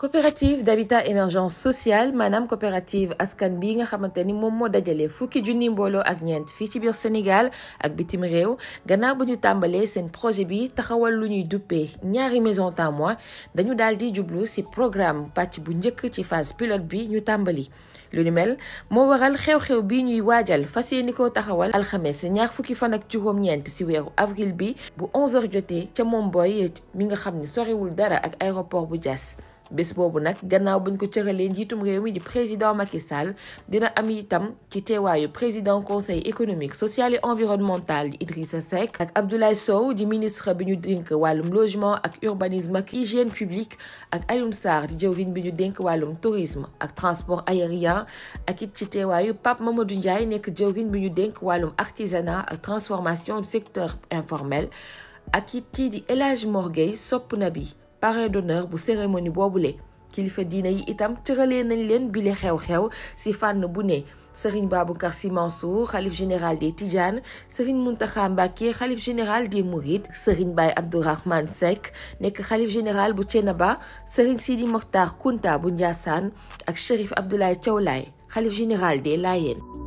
coopérative d'habitat émergence sociale maanaam coopérative askan bi nga xamante ni moom moo dajalee fukki junni mbooloo ak ñeent fii ci biir Sénégal ak bitim réew gannaaw bu ñu tàmbalee seen projet bi taxawal lu ñuy duppee ñaari maison témoin dañu daal di jublu ci programme pàcc bu njëkk ci phase pilote bi ñu tàmbali. lu ni mel moo waral xew-xew bi ñuy waajal fas ni koo taxawal alxames ñaar fukki fan ak juróom-ñeent ci weeru avril bi bu 11h jotee ca Momboy mi nga xam ne soriwul dara ak aéroport bu Diass. bés boobu nag gannaaw bañ ko cëralee njiitum réew mi di président Macky Sall dina am itam ci teewaayu président conseil économique social et environnemental di Idrissa Seck ak Abdoulaye Sow di ministre bi ñu dénk wàllum logement ak urbanisme ak hygiène publique ak Alioune Sarr di jëwriñ bi ñu dénk wàllum tourisme ak transport aérien ak it ci teewaayu Pape Mamadou Ndiaye nekk jëwriñ bi ñu dénk wàllum artisanat ak transformation du secteur informel ak it kii di El Hadj Mor sopp na bi parrain d'honneur bu cérémonie boobule kilifa diina yi itam cëralee nañ leen bile xew-xew si fànn bu ne Serigne Babacar Sy Mansour xalif général des Tidiane Serigne Mountakha Mbacké xalif général des Mourides Serigne Baye Abdourahmane Seck nekk xalif général bu Thiénaba Serigne Sidi Mokhtar Kounta bu Ndiassane ak Chérif Abdoulaye Thiaw Laye xalif général des Layènes